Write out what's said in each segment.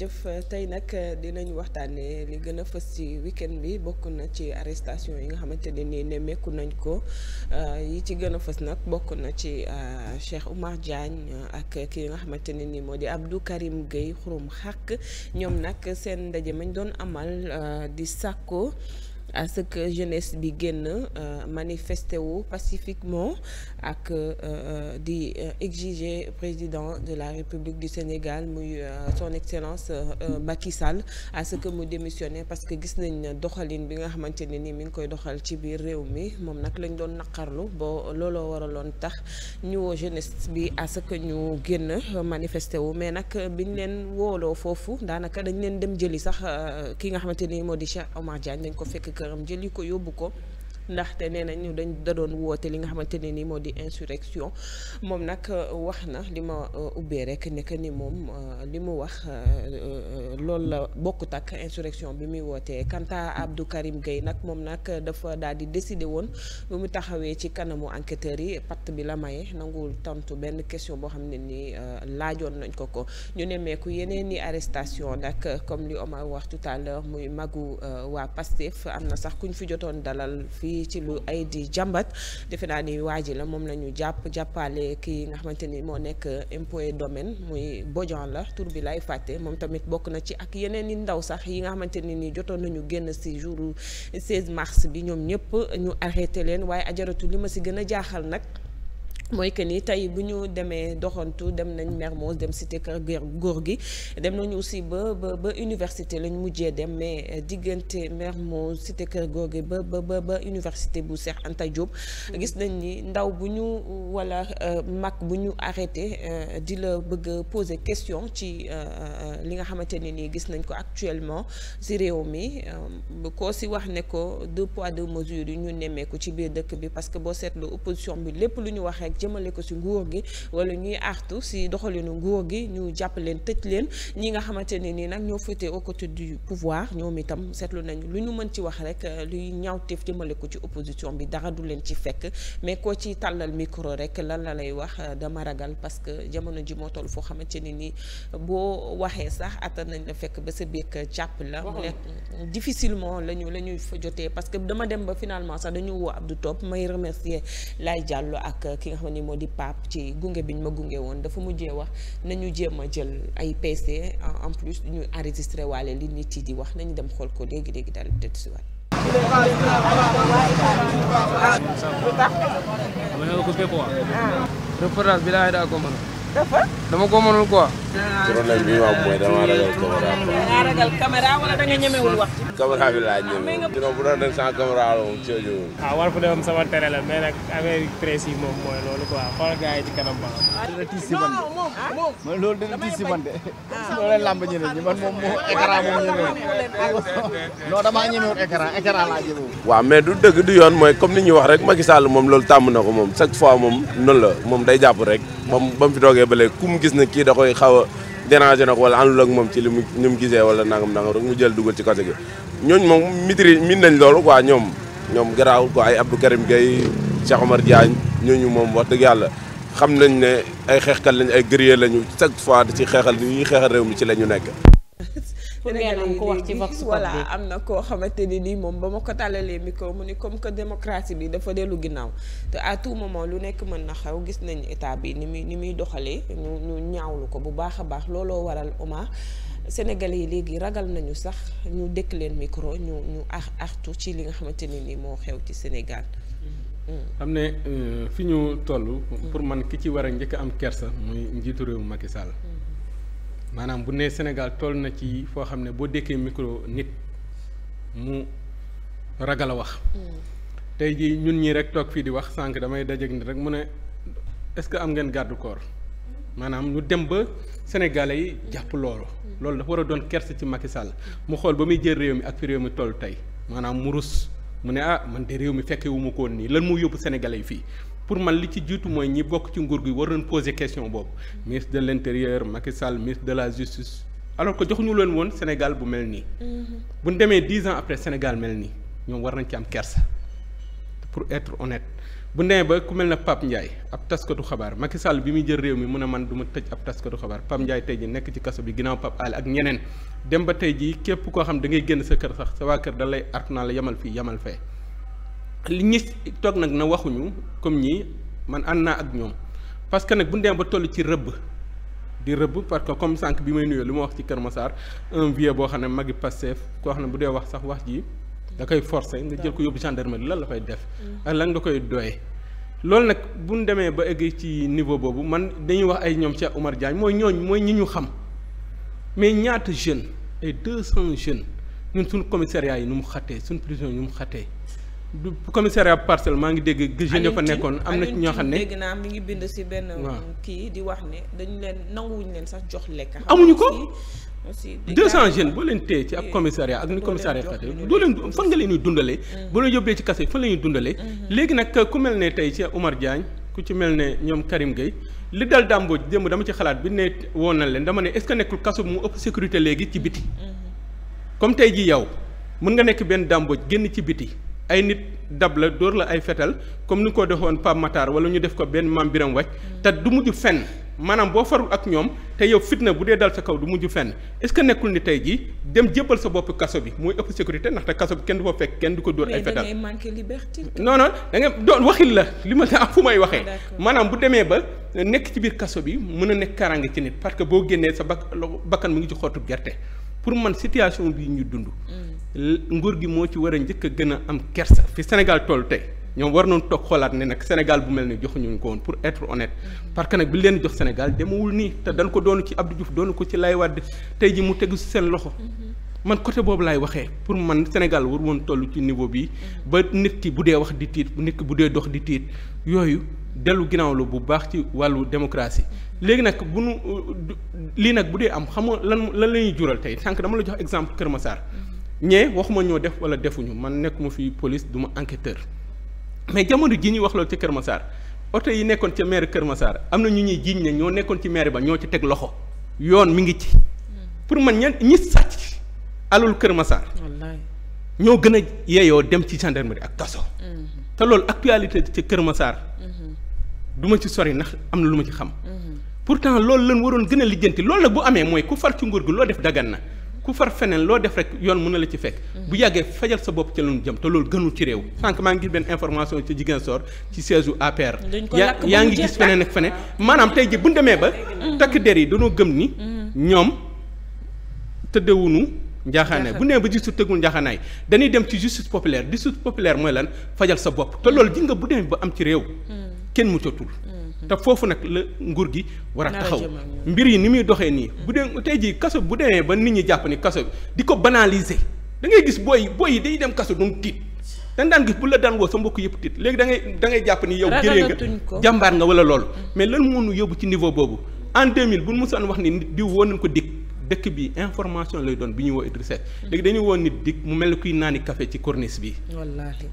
jëf tey nag euh, dinañu waxtaanee li gën a fës ci week-end bi bokk na ci arrestation yi nga xamante ne nii nemmeeku nañ ko euh, yi ci gën a fës nag bokk na ci euh, Cheikh Oumar Diagne ak ki nga xamante ne nii moo di Abdou Karim Gueye xurum xàq ñoom nag seen ndaje mañ doon amal di sàkko a ce que jeunesse bi génn euh, manifester wu pacifiquement ak euh, euh, di exiger président de la République du Sénégal muy son excellence Macky Sall à ce que mu démissionne parce que gis nañ doxalin bi nga xamante ne ni mi ngi koy doxal ci biir réew mi moom nag lañ doon naqarlu boo looloo waraloon tax ñu woo jeunesse bi à ce que ñu génn manifester wu mais nag ñu leen wooloo foofu daanaka dañ leen dem jëli sax ki nga xamante ni moo di Cheikh Omar Diagne dañ ko fekk këram jëli ko yóbbu ko ndaxte nee nañ dañ da doon woote li nga xamante ne ni moo di insurection moom nag euh, wax na li ma euh, ubbee rekk ne que ni moom euh, li mu wax loolu la bokkut ak insurrection bi muy wootee quant à Abdou Karim Gueye nag moom nag dafa daal di décider woon bu mu taxawee ci kanamu enquêteurs yi patt bi la may nanguwul tontu benn question boo xam ne ni laajoon nañ ko ko ñu nemmeeku yeneen ni arrestation nag comme li Omar wax tout muy magu waa Pastef am na sax kuñ fi jotoon dalal yi ci lu ay di jàmbat defe naa ni waa ji la moom la jàpp jàppale kii nga xamante ni moo nekk impôt et domaine muy Bodian la tur bi lay fàtte moom tamit bokk na ci ak yeneen i ndaw sax yi nga xamante ne ni jotoon nañu génn si jour 16 mars bi ñoom ñëpp ñu arrêté leen waaye ajaratu li ma si gën a jaaxal nag mooy que ni tey bu ñu demee doxantu dem nañ Mermoz dem cité kër góor gi dem nañu aussi ba ba ba université lañ mujjee dem mais diggante Mermoz cité kër góor gi ba ba ba université bu seex Anta Diop. gis nañ ni ndaw bu ñu wala euh, mag bu ñu arrêté euh, di la bëgg a question ci euh, li nga xamante ne nii gis nañ ko actuellement si réew mi koo si wax ne ko deux poids deux mesures yi ñu nemmeeku ci biir dëkk bi parce que boo seetloo opposition bi lépp lu ñu wax jëmale ko si nguur gi wala ñuy artu si doxalinu nguur gi ñu jàpp leen tëj leen ñi nga xamante ne nii nag ñoo féete au côté du pouvoir ñoom itam seetlu nañu lu ñu mën ci wax rek euh, luy ñaawteef jëmale ko ci opposition bi dara du leen ci fekk mais koo ci tàllal micro rek lan la lay wax euh, dama ragal parce que jamono ji moo toll foo xamante ne nii boo waxee sax attan nañ la fekk ba sa biir jàpp la mu nekk difficilement la ñu la ñuy jotee parce que dama dem ba finalement sax dañu woo Abdou Top may remercier Laye Diallo ak euh, ki xam ni moo di pap ci gunge bi biñ ma gunge woon dafa mujjee wax nañu jéem a jël ay PC en plus ñu enregistré waale li nit yi di wax nañu dem xool ko léegi léegi daal di dëttusiwaat. Ah. reportage bi laa daa ko mën. dafa. dama ko mënul quoi. problème bi ma am mooy damaa ragal caméra. dangaa ragal caméra wala danga ñemewul wax. caméra bi laa ñeme. sinon bu doon dem sans caméra la moom coono jiw. waaw ah, war fa dem sama tere la mais nag affaire presse yi moom mooy loolu quoi xoolal gars yi ci kanam ba dina tiis si man de ah? loolu dina tiis si man de ah. loolu làmb ñeneen ñi man moom moo écran moom ñemewul non damaa ñemewul écran écran laa jëmewul. waaw mais du dëgg du yoon mooy comme ni ñuy wax rek Macky Sall moom loolu tàmm na ko moom chaque fois moom noonu la moom day jàpp rek moom ba mu fi toogee ba léegi ku mu gis ne kii da koy xaw dérangé na ko wala àndul ak moom ci li mu ni mu gisee wala nangam nangam rek mu jël dugal ci côté gi ñooñu moom maîtrise min nañ loolu quoi ñoom ñoom garaawul quoi ay Abdou Karim Gueye Cheikh Omar Diagne ñooñu moom wax dëgg yàlla xam nañ ne ay xeexkat lañ ay guerrier lañu chaque fois ci xeexal ni ñuy xeexal réew mi ci la ñu nekk pour ngeen am ko wax ci vox pop voilà am na koo xamante ni nii moom ba ma ko tàllalee micro mu ni comme que démocratie bi dafa dellu ginnaaw te à tout moment lu nekk mën na xew gis nañ état bi ni muy ni muy doxalee ñu ñu ñaawlu ko bu baax a baax looloo waral Omar Sénégalais yi léegi ragal nañu sax ñu dëkk leen micro ñu ñu ax ci li nga xamante ne nii moo xew ci Sénégal. Hmm. xam ne euh, fi ñu toll. pour man ki ci war a njëkk am kersa muy njiitu réew Macky Sall. Hmm. maanaam bu ne senegal tool na ci foo xam ne boo dékkee micro nit mu ragal a wax. Mm. tey jii ñun ñii rek toog fii di wax sànq damay dajeeg nit rek mu ne est-ce que am ngeen garde corps maanaam ñu dem ba sénégalais yi jàpp loolu. Mm. loolu dafa war a doon kerse ci Macky mu xool ba muy jël réew mi ak fi réew mi toll tey maanaam mu rus mu ne ah man de réew mi fekke wu ma ko nii lan moo yóbbu sénégalais yi fii. pour man li ci jiitu mooy ñi bokk ci nguur gi war nañ poser question boobu ministre de l' intérieur Macky de la justice alors que joxuñu leen woon Sénégal bu mel nii. Mm-hmm. bu ñu demee dix ans après Sénégal mel nii ñoom war nañ ci am kersa pour etre honnête bu nee ba ku mel ne Pape Ndiaye ab taskatu xabaar Macky Sall bi muy jël réew mi mun a man du ma tëj ab taskatu xabaar Pape Ndiaye tey ji nekk ci kaso bi ginnaaw Pape Alé ak ñeneen dem ba tey ji képp koo xam da ngay génn sa sax sa waa kër da lay art naa la yamal fii yamal fee. li ñi toog nag na waxuñu comme ñii man ànd naa ak ñoom parce que nag bu ñu demee ba toll ci rëbb di rëbb parce que comme sànq bi may nuyoo li ma wax ci Kër Massar un boo xam ne magi Pastef koo xam ne bu dee wax sax wax ji da koy forcer nga jël ko yóbbu gendarmerie lan la fay def. ak mm. lan nga koy doyee. loolu nag bu ñu demee ba egg ci niveau boobu man dañuy wax ay ñoom Cheikh Oumar Diagne mooy ñooñ mooy ñi ñu xam mais ñaata jeunes ay deux cent jeunes ñun suñu commissariat yi nu mu xatee suñu prison yi mu xatee. du commissariat parcelle maa ngi dégg gis fa nekkoon am na ci ñoo xam ne dégg naa mi ngi bind si benn kii di wax ne dañu leen nanguwuñu leen sax jox lekk amuñu ko aussi deux cent jeune boo leen téye ci ab commissariat ak ni commissariat xate doo leen fan nga leen ñuy dundalee mm-hmm. boo leen yóbbee ci kase fan la ñuy dundalee mm-hmm. léegi nag ku mel ne tey ci Omar Diagne ku ci mel ne ñoom Karim Gueye li dal dàmboo démb dama ci xalaat bi ne woon na leen dama ne est-ce que nekkul kaso mu ëpp sécurité léegi ci biti mm-hmm. comme tey ji yow mën nga nekk benn dàmboo génn ci biti ay nit dab la dóor la ay fetal comme ni ko defoon Pape Matar wala ñu def ko benn maam biram waj te du mujj fenn maanaam boo farul ak ñoom te yow fitna bu dee dal sa kaw du mujj fenn est-ce que nekkul ni tey jii dem jébbal sa bopp kaso bi muy ëpp sécurité ndaxte kaso bi kenn du ko fekk kenn du ko dóor ay fetal non non da nga doon waxil la li ma sa am fu may waxee ah, maanaam bu demee ba nekk ci biir kaso bi mën a nekk karange ci nit parce que boo génnee sa bakkan mu ngi ci xottu gerte pour man situation bi ñu dund mm. nguur gi moo ci war a njëkk a gën a am kersa fi Sénégal toll tey ñoom war nañu toog xoolaat ne nag Sénégal bu mel ne joxuñu ko woon pour être honnête parce que nag bi leen jox Sénégal demawul nii te dañ ko doonu ci Abdou Diouf doonu ko ci Laye Wade tey ji mu tegu si seen loxo. Mm-hmm. man côté boobu laay waxee pour man Sénégal war woon toll ci niveau bi ba nit ki bu dee wax di tiit nit ki bu dee dox di tiit yooyu dellu ginnaaw la bu baax ci wàllu démocratie léegi nag bu nu nag bu dee am xam nga lan lan la jural tey sànq dama la jox exemple Kër Massar ñee waxuma ñoo def wala defuñu man nekkuma fii police du ma enquêteur mais jamono ji ñuy wax loolu ca Kër masaar oto yi nekkoon ca maire Kër Massar am na ñu ñuy jiiñ na ñoo nekkoon ci maire ba ñoo ci teg loxo yoon mi ngi ci pour man ñan ñi sàcc alul Kër Massar ñoo gën a yeeyoo dem ci gendarmerie ak kaso mm-hmm. te loolu actualité ca Kër mm-hmm. du ma ci sori nax am na lu ma ci xam pour mm-hmm. pourtant loolu lañ waroon gën a lijjanti loolu nag bu amee mooy ku far ci nguur gi loo def dagan na ku far feneen loo def rek yoon mën na la ci fekk. Mm-hmm. bu yàggee fajal sa bopp ca lu jëm te loolu gënul ci réew. sànq maa ngi gis benn information ci jigéen soor ci siège u APR. yaa ngi gis feneen ak feneen maanaam tey ji bu ñu demee ba. Mm-hmm. takk der yi dañoo gëm ni. Mm-hmm. ñoom tëddewuñu njaaxaanaay bu nee ba justice tëggul njaaxaanaay dañuy dem ci justice populaire justice populaire mooy lan fajal sa bopp te loolu ji nga bu demee ba am ci réew. kenn muccatul te foofu nag la nguur gi war a taxaw mbir yi ni muy doxee nii bu dee tey jii kaso bu demee ba nit ñi jàpp ni kaso di ko banaliser da ngay gis booy booy yi day dem kaso duñ tiit dañ daan gis bu la daan woo sa mbokk yëpp tiit léegi da ngay da ngay jàpp ni yow gëree nga jàmbaar nga wala loolu mais lan mënu yóbbu ci niveau boobu en 2000 bu musoon wax ni nit diw woo nañ ko dikk dëkk bi information lay doon bi ñuy woo Idrissa Seck mm. léegi dañuy woon nit dikk mu mel ni kuy naani café ci corniche bi wallaahi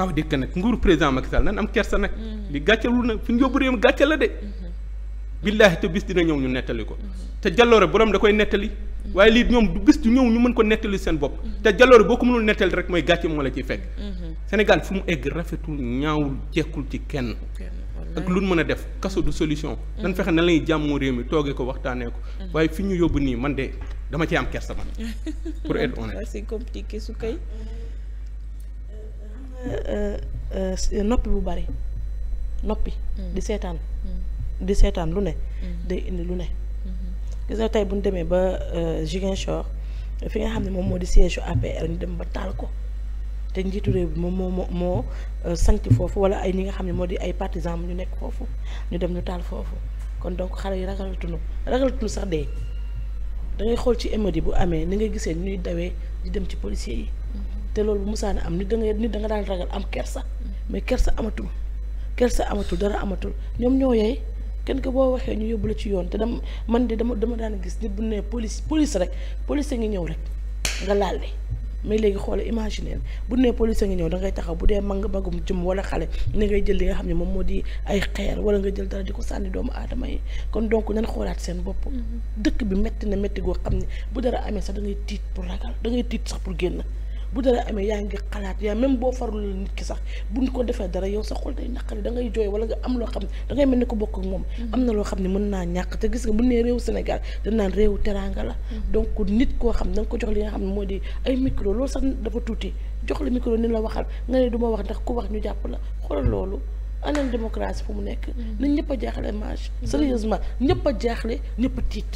ça veut dire que nag nguur président Macky Sall nan am kersa nag. Mm-hmm. ñu yóbbu réew mm-hmm. te ko. Mm-hmm. te jaloore borom da koy nettali. waaye du bis du ñëw ko nettali seen bopp. te jaloore boo ko mënul nettali rek mooy gàcce moo la ciy fekk. Sénégal fu mu egg rafetul ñaawul jekkul ci kenn. ak lu mën a def kaso du solution. dañ fexe na lañuy jàmmoo réew mi toogee ko waxtaanee ko. waaye fi ñu yóbbu nii man de dama ci am kersa man pour être honnête. c'est Euh, euh, euh, noppi bu bari noppi. Mm. di seetaan. Mm. di seetaan lu ne. Mm. day indi lu ne. Mm-hmm. gis tey buñ demee ba Ziguinchor fi nga xam ne moom moo di siège su APR ñu dem ba taal ko te njiitu réew bi moom moo moo sanc foofu wala ay ñi nga xam ne moo di ay partisans ñu nekk foofu ñu dem ñu taal foofu kon donc xale yi ragalatuñu ragalatuñu sax dee dangay xool ci modi bu amee ni ngay gisee ñuy dawee di dem ci policiers yi. te loolu bu musaana am nit da nga nit danga daan ragal am kersa mais kersa amatul kersa amatul dara amatul ñoom ñoo yey kenn ko boo waxee ñu yóbbu la ci yoon te dama man de dama dama daan gis nit bu nee police police rek police ngi ñëw rek nga laal de mais léegi xoole imaginer bu ne police ngi ñëw da ngay taxaw bu dee mag magum jëm wala xale ni ngay jël li nga xam ne moom moo di ay xeer wala nga jël dara di ko sànni doomu aadama yi kon donc nan xoolaat seen bopp. Mm-hmm. dëkk bi metti na metti goo xam ne bu dara amee sax da ngay tiit pour ragal da tiit sax pour génn. bu dara amee yaa ngi xalaat yaa même boo farul la nit ki sax bu buñ ko defee dara yow sax xol day naqari dangay jooy wala nga am loo xam ne da ngay mel ni ko bokk moom mm-hmm. am na loo xam ne mën naa ñàkk te gis nga bu nee réew Sénégal danaan réewu teraanga la mm-hmm. donc nit koo xam da nga ko jox li nga xam ne moo di ay micro sax dafa tuuti jox la micro ni la waxal nga ne du ma wax ndax ku wax ñu jàpp la xoolal loolu aneen démocratie fu mu nekk mm-hmm. na ñëpp a jaaxle mage sérieusement ñëpp a jaaxle ñëpp tiit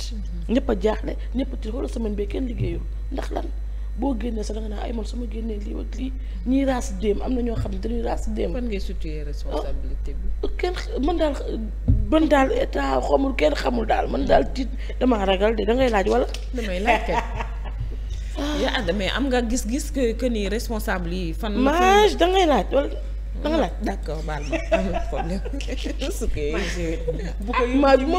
ñëpp a jaaxle ñëpp a tiit xoolal semaine kenn liggéeyul ndax lan boo génnee sax da nga ay man sama génnee lii ak lii ñiy raas déem am na ñoo xam ne dañuy raas déem. fan ngay situer responsabilité bi. Ah, kenn man daal man daal état xamul kenn xamul daal man daal tiit damaa ragal de da ngay laaj wala. damay laaj kenn. Ah. yaa mais am nga gis-gis que que ni responsable yi fan. mange da ngay laaj wala. da nga laaj d'accord baal ma amul problème. bu ko maa bi ma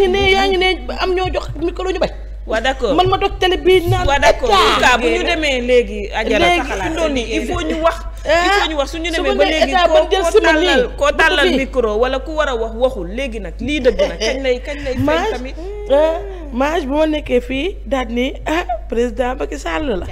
ngi ne am ñoo jox micro ñu bañ. waa accord man ma doog télé bii naan. waa d' bu ñu demee léegi. ajara saxalaat léegi yi foo ñu wax. Eh, il wax su ñu demee ba léegi koo koo tàllal koo tàllal micro wala ku war a wax waxul léegi nag lii dëgg nag kañ lay kañ lay. fay tamit eh, mage bu ma nekkee fii daal ni ah président Macky Sall la.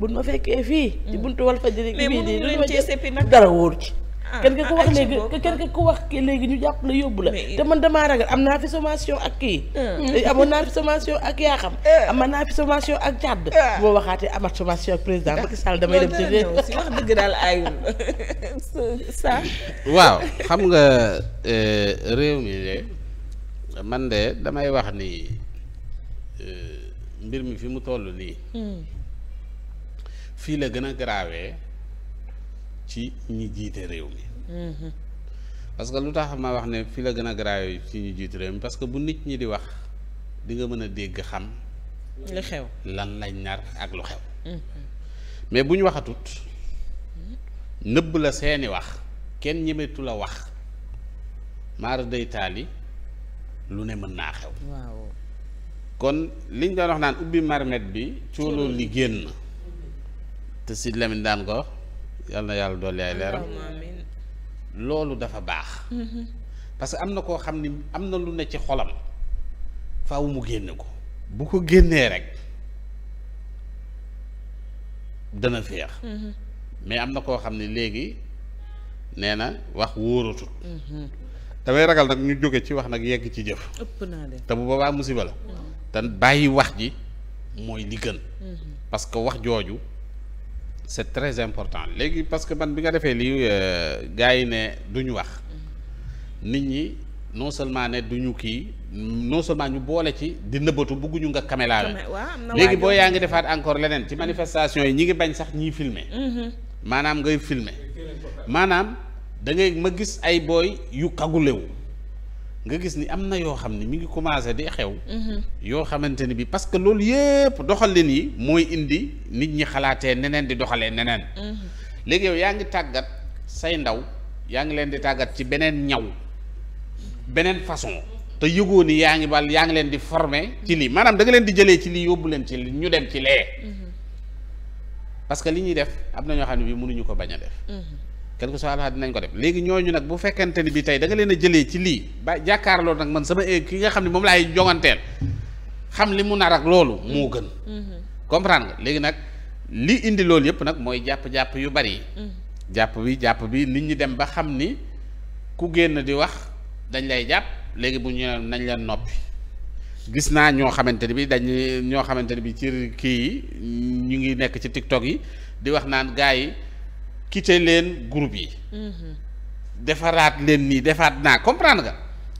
buñ ma fekkee fii. ci mm. buntu Walfadjri. mais mënuñu leen cee seppi nag dara wóor ci. Ah, kenn ka ko wax léegi kenn ko wax léegi ñu jàpp la yóbbu la te man damaa ragal am naa fi sommation ak kii ah. eh, amoon naa fi sommation ak yaa xam ah. amoon naa fi sommation ak jàdd boo waxaatee amat sommation ak président Macky Sall damay dem ci si wax dëgg daal aayul sa waaw xam nga euh, réew mi de man de damay wax ni euh, mbir mi fi mu toll nii hmm. fii la gën a garaawee ci ñi jiite réew mi. Mm-hmm. parce que lu tax ma wax ne fi la gën a garaaw ci ñi jiite réew mi parce que bu nit ñi di wax dinga mën a dégg xam. lu xew lan lañ nar ak lu xew. Mm-hmm. mais bu ñu waxatut nëbb la seeni wax kenn ñemetu la wax maar day taali lu ne mën naa xew. kon liñ doon wax naan ubbi marmet bi. cooloo li génn. te si Lamine daan ko. yàlla yàlla dool ay leeram loolu dafa baax mm-hmm. parce que am na koo xam ni am na lu ne ci xolam faw mu génn ko bu ko génnee rek dana féex mm-hmm. mais am na koo xam ne léegi nee na wax wóoratul damay mm-hmm. ragal nag ñu jóge ci wax nag yegg ci jëf te bu boobaa musiba la te bàyyi wax ji mooy li gën parce wax jooju c'est très important léegi parce que man bi nga defee lii euh, gars yi ne duñu wax nit ñi non seulement ne duñu kii non seulement ñu boole ci di nëbbatu bëgguñu nga caméra léegi boo yaa ngi defaat encore leneen ci manifestation yi ñi ngi bañ sax ñiy filmer mm-hmm. maanaam ngay filmer maanaam da ngay ma gis ay booy yu kagulewu nga gis ni am na yoo xam ne mu ngi commencé di xew. Mhm. yoo xamante ni bi parce que loolu doxal leen yi mooy indi nit ñi xalaatee neneen di doxalee neneen. Mhm. léegi yow yaa ngi tàggat say ndaw yaa ngi leen di tàggat ci beneen ñaw beneen façon. te yëgoo ni yaa ngi bal yaa ngi leen di forme ci lii maanaam da leen di jëlee ci lii yóbbu leen ci lii ñu dem ci lee. Mhm. parce que li ñuy def am na ñoo xam ne bii mënuñu ko bañ a def. kenn que soit dinañ ko def léegi ñooñu nag bu fekkente ni bi tey leen a jëlee ci lii ba jàkkaarloo nag man sama eh, ki nga xam ne moom laay xam li mu nar ak loolu moo gën mm-hmm. comprendre léegi nag li indi loolu yëpp nag mooy jàpp-jàpp yu bari mm-hmm. jàpp bi jàpp bi nit ñi dem ba xam ni ku génn di wax dañ lay jàpp léegi bu ñu nañ leen noppi gis naa ñoo xamante ne bi dañ ñoo xamante ne bi ci kii yi ñu ngi nekk ci TikTok yi di wax naan gars yi quitté leen groupe yi. Mhm. defaraat leen nii defaat naa comprendre nga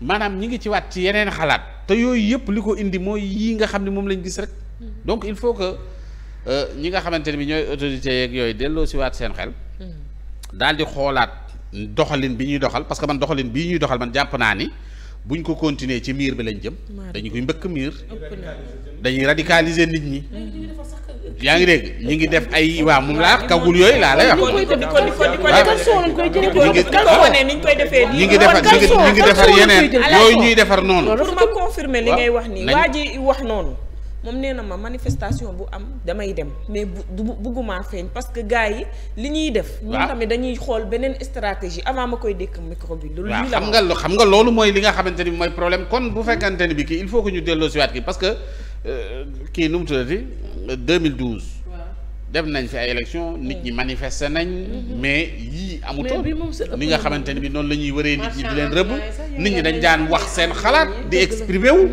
maanaam ñi ngi ci waat ci yeneen xalaat te yooyu yëpp li ko indi mooy yii nga xam ne moom lañ gis rek. Mhm. donc il faut que euh, ñi nga xamante ne bi ñooy autorités yeeg yooyu delloo si waat seen xel. Mhm. daal di xoolaat doxalin bi ñuy doxal parce que man doxalin bii ñuy doxal man jàpp naa ni buñ ko continuer ci miir bi lañ jëm. dañu koy mbëkk miir. dañuy radicaliser nit ñi. yaa ngi dégg ñu ngi def ay waaw moom laa kagul yooyu laa lay wax. ñu ngi defar ñu ngi defar yeneen yooyu ñuy defar noonu. pour ma confirmer li ngay wax nii ma bu bu bugguma feeñ parce que gars yi li ñuy def. ñun tamit dañuy xool beneen stratégie avant ma koy dékk micro bi. loolu la xam nga xam nga loolu mooy li nga xamante ni mooy problème kon bu fekkante ni bi kii il faut que ñu delloosiwaat ki parce que. Euh, kii nu mu tuddati 2012. dem nañ fi ay élection nit ñi manifester nañ. Mhm. mais yii amutoon ni nga xamante ne bi noonu la ñuy wëree nit ñi di leen rëbb. nit ñi dañ daan wax seen xalaat di exprimer wu.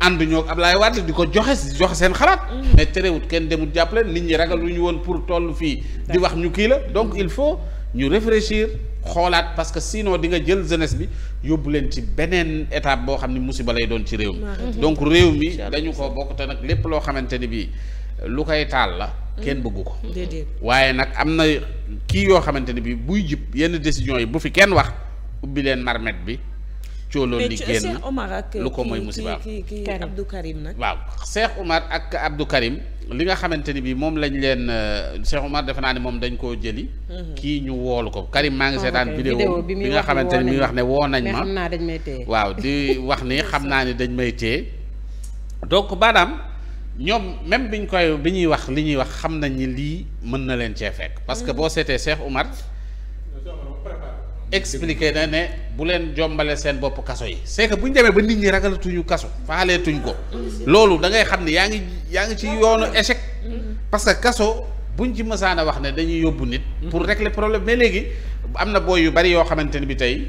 ànd ñoo Ablaye Wade di ko joxe joxe seen xalaat. Mhm. mais terewut kenn demut jàppale nit ñi ragal lu ñu woon pour toll fii. di wax ñu kii la donc il faut ñu réfléchir. xoolaat parce que sinon di nga jël jeunesse bi yóbbu leen ci beneen étape boo xam ne musiba lay doon ci réew mi mm-hmm. donc réew mi dañu ko bokk te nag lépp loo xamante ni bii lu koy taal la kenn mm-hmm. bëggu ko waaye nag am na kii yoo xamante ne bii buy jib yenn décision yi bu fi kenn wax ubbi leen marmet bi cooloon li génn lu ko mooy musiba Abdou Karim nag waaw Cheikh Omar ak Abdou Karim li nga xamante ni bi moom lañ leen euh, Cheikh Omar defe naa ne moom dañ koo jëli mhm. kii ñu woolu ko Karim maa ngi ah, seetaan vidéo bi nga xamante ni mi wax ne woo nañ ma waaw di wax ni xam naa ne dañ may téye donc maanaam ñoom même biñ koy bi ñuy wax li ñuy wax xam nañ ni lii mën na leen cee fekk parce que mhm. boo seetee Cheikh Omar expliqué na ne bu leen jombale seen bopp kaso yi c'est que bu ñu demee ba nit ñi ragalatuñu kaso faaleetuñ ko loolu dangay xam ne yaa ngi yaa ngi ci yoonu échec parce que kaso buñ ci mësaan a wax ne dañuy yóbbu nit pour régler problème mais léegi am na booy yu bari yoo xamante ne bi tey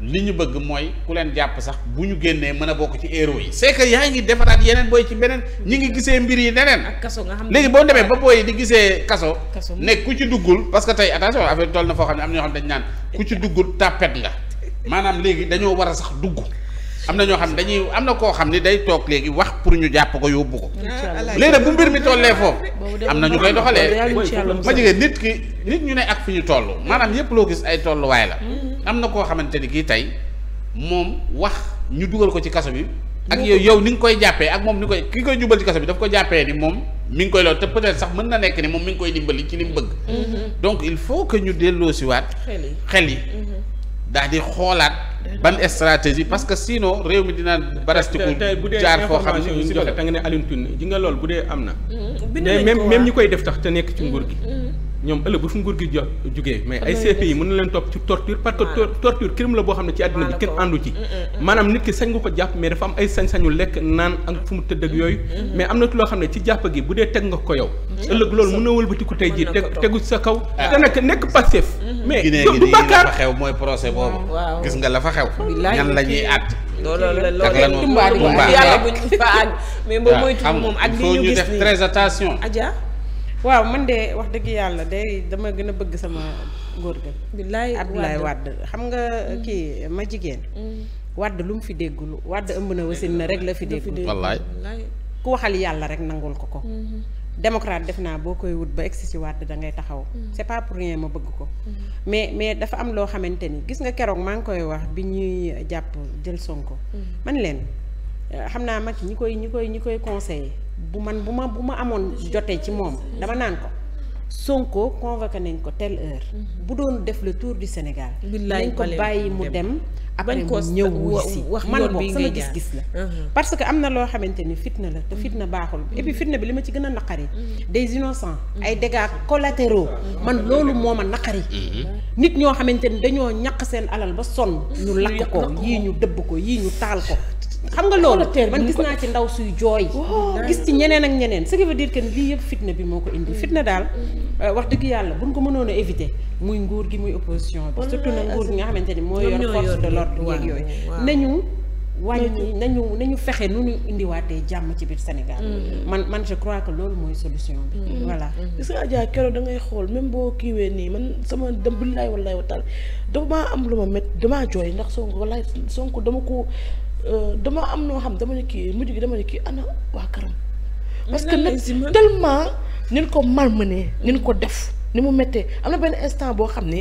li ñu bëgg mooy ku leen jàpp sax bu ñu génnee mën a bokk ci héros yi c'est yaa ngi defaraat yeneen booy ci beneen ñi ngi gisee mbir yi neneen ak kaso nga xam léegi boo demee ba booy di gisee kaso nekk ku ci duggul parce que tey attention affaire toll na foo xam ne am na ñoo xam ne dañ naan ku ci duggul tàppet nga dañoo war a sax dugg am na ñoo xam ne dañuy am na koo xam ne day toog léegi wax pour ñu jàpp ko yóbbu ko léegi nag bu mbir mi tollee foofu am na ñu koy doxalee ma jigéen nit ki nit ñu ne ak fi ñu toll maanaam yépp loo gis ay tolluwaay la hmm. am na koo xamante ni kii tey moom wax ñu dugal ko ci kaso bi. ak yow yow ni nga koy jàppee ak moom ni koy ki koy jubal ci kaso bi daf ko jàppee ni moom mi ngi koy lool te peut-être sax mën na nekk ni moom mi ngi koy dimbali ci li mu bëgg. Mm-hmm. donc il faut que ñu delloosiwaat. xel yi xel yi. Mm-hmm. daal di xoolaat ban stratégie parce que sinon réew mi dina barastiku jaar foo xam ne si joxe te nga ne Alioune Tine ji nga lool bu dee am na. Mm-hmm. bind même même ñi koy def tax te nekk ci nguur gi. ñoom ëllëg bu fu nguur gi jo jugee mais ay CPI mën na leen topp ci torture parce que torture crime la boo xam ne ci àddina bi kenn àndu ci mm, mm, mm. maanaam nit ki sañ nga ko jàpp mais dafa am ay sañ-sañu lekk naan ak fu mu tëdd yooyu mais am na loo xam ne ci jàpp gi bu dee teg nga ko yow ëllëg loolu mën na wëlbatiku tey jii teg tegu sa kaw ah. te nag nekk passif mais du bàkkaar la fa xew mooy procès boobu ah, gis nga la fa xew ñan la ñuy àtt loolu la loolu tumbaari yàlla buñ fa àgg mais ba ah, moytu moom ak li ñu gis nii waaw man de wax dëgg yàlla day dama gën a bëgg sama góor ga. billaay Abdoulaye Wade xam nga mm. kii ma jigéen. Mm. Wade lu mu fi déggul Wade ëmb na wasin na rek la fi déggul. wallaay ku waxal yàlla rek nangul ko ko. Mm-hmm. démocrate def naa boo koy wut ba egsi ci Wade da ngay taxaw. Mm. c'est pas pour ma bëgg ko. Mm-hmm. mais mais dafa am loo xamante ni gis nga keroog maa ngi koy wax bi ñuy jàpp jël Sonko. man leen xam naa mag ñi koy ñi koy ñi koy conseiller. bu man bu ma bu ma amoon jotee ci moom dama naan ko Sonko convoqué nañ ko telle heure mhm. bu doon def le tour du Sénégal nañ ko bàyyi mu dem après mu ñëw wu si man boo sama gis-gis la mhm. parce que am na loo xamante ni fitna la te fitna mhm. baaxul et puis fitna bi li ma ci gën a naqari des innocents ay dégâts collatéraux man loolu moo ma naqari nit ñoo xamante ni dañoo ñaq seen alal ba sonn ñu lakk ko yii ñu dëbb ko yii ñu taal ko xam nga loolu man gis naa ci ndaw suy jooy gis ci ñeneen ak ñeneen ce qui veut dire que yëpp fitna bi moo ko indi fitna daal euh, wax dëgg yàlla buñ ko mënoon a éviter nguur gi muy opposition bi surtout nag nguur gi nga xamante ni mooy yor force de l'ordre yeeg yooyu nañu wàññi nañu nañu fexe nu ñu indiwaatee jàmm ci biir Sénégal mm-hmm. man man je crois que loolu mooy solution bi mm-hmm. voilà mm-hmm. gis nga Adja keroog da ngay xool même boo kiiwee nii man sama dem billaay wallaay wa taala dama am lu ma métti damaa jooy ndax Sonko wallaay Sonko dama ko Euh, dama am noo xam dama ne kii mujj gi dama ne kii ana waa këram. parce que nag tellement. nin ko malmené nin ko def ni mu méttee am na benn instant boo xam ne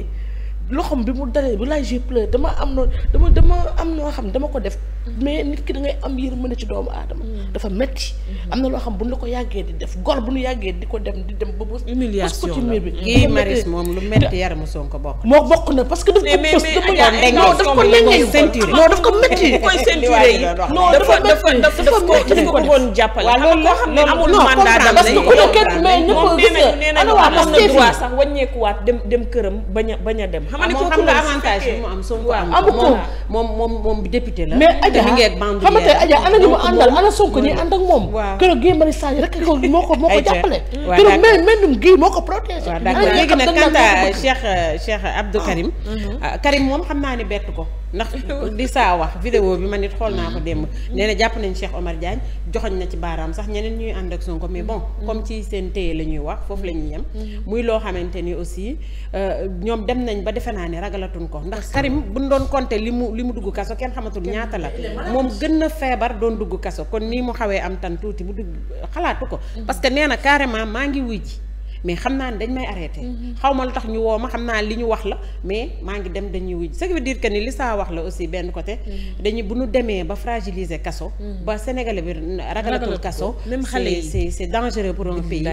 loxom bi mu dalee bu laay j'ai pleuré dama am noo dama dama am noo xam dama ko def mais nit ki da ngay am yërmande ci doomu aadama dafa metti am na loo xam bu ñu la ko yàggee di def gor bu ñu yàggee di ko dem di dem ba bës humiliation ko ci miir bi kii maris moom lu metti yaramu Sonko bokk moo bokk na parce que daf ko bës non daf ko nengeñ non daf ko metti koy ceinture yi non dafa dafa dafa dafa ko bëggoon jàppale loolu loo xam ne amul mandat dam parce que ku ne kenn mais ñëpp gis nga ana waa Pastef sax wàññeekuwaat dem dem këram bañ a bañ a dem ma ah, ne ko xam nga avantage bi mu am Sonko am amu ko moom moom moom député la mais Adja mi ngi ak bande xam nga Adja ana ñu mu àndal ana Sonko ñi ànd ak moom keroog Guy Marius Sagna rek ko moo ko moo ko jàppale keroog mais mennum Guy moo ko protégé d'accord léegi nag quant à Cheikh Cheikh Abdou ah. Karim mm-hmm. ah, Karim moom xam naa ne bett ko ndax di saa wax vidéo bi ma nit xool naa ko démb nee jàpp nañ Cheikh Omar Diagne joxoñ na ci baaraam sax ñeneen ñuy ànd ak Sonko mais bon mm-hmm. comme ci seen téye la ñuy wax foofu la ñuy yem mm-hmm. muy loo xamante ni aussi euh, ñoom dem nañ ba defe naa ni ragalatuñ ko ndax Karim buñ doon compter li mu li mu dugg kaso kenn xamatul ñaata la moom gën na feebar doon dugg kaso kon nii mu xawee am tan tuuti bu dugg xalaatu ko mm-hmm. parce que nee na carrément maa ngi wuy ci mais xam naa ne dañ may arrêté mhm. xaw ma lu tax ñu woo ma xam naa li ñu wax la mais maa ngi dem dañuy wuj ce diir veut que ni li saa wax la aussi benn côté mhm. dañu bu ñu demee ba fragiliser kaso mhm. ba sénégalais bi ragalatul kaso même xale yi c'est c'est dangereux pour un pays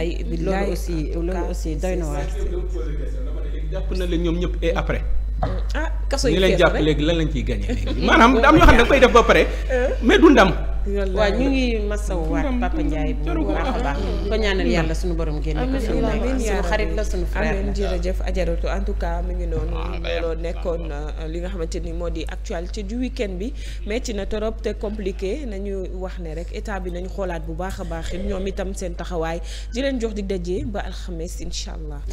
loolu aussi ah, loolu aussi doy na waar jàpp na leen ñoom ñëpp et après ah kaso yi leen jàpp léegi lan lañ ciy gagné maanaam am yoo xam ne koy def ba pare euh. mais du ndam waa ñu ngi masaw waat Papa Ndiaye bu baax a baax ko ñaanal yàlla suñu boroom génne ko suñu xarit la suñu frère la jërëjëf ajaratu en tout cas mu ngi noonu ah, loolu nekkoon euh, li nga xamante ni moo di actualité du week bi metti na torop te compliqué nañu wax ne rek état bi nañu xoolaat bu baax a baax ñoom itam seen taxawaay di leen jox di dajee ba alxames incha allah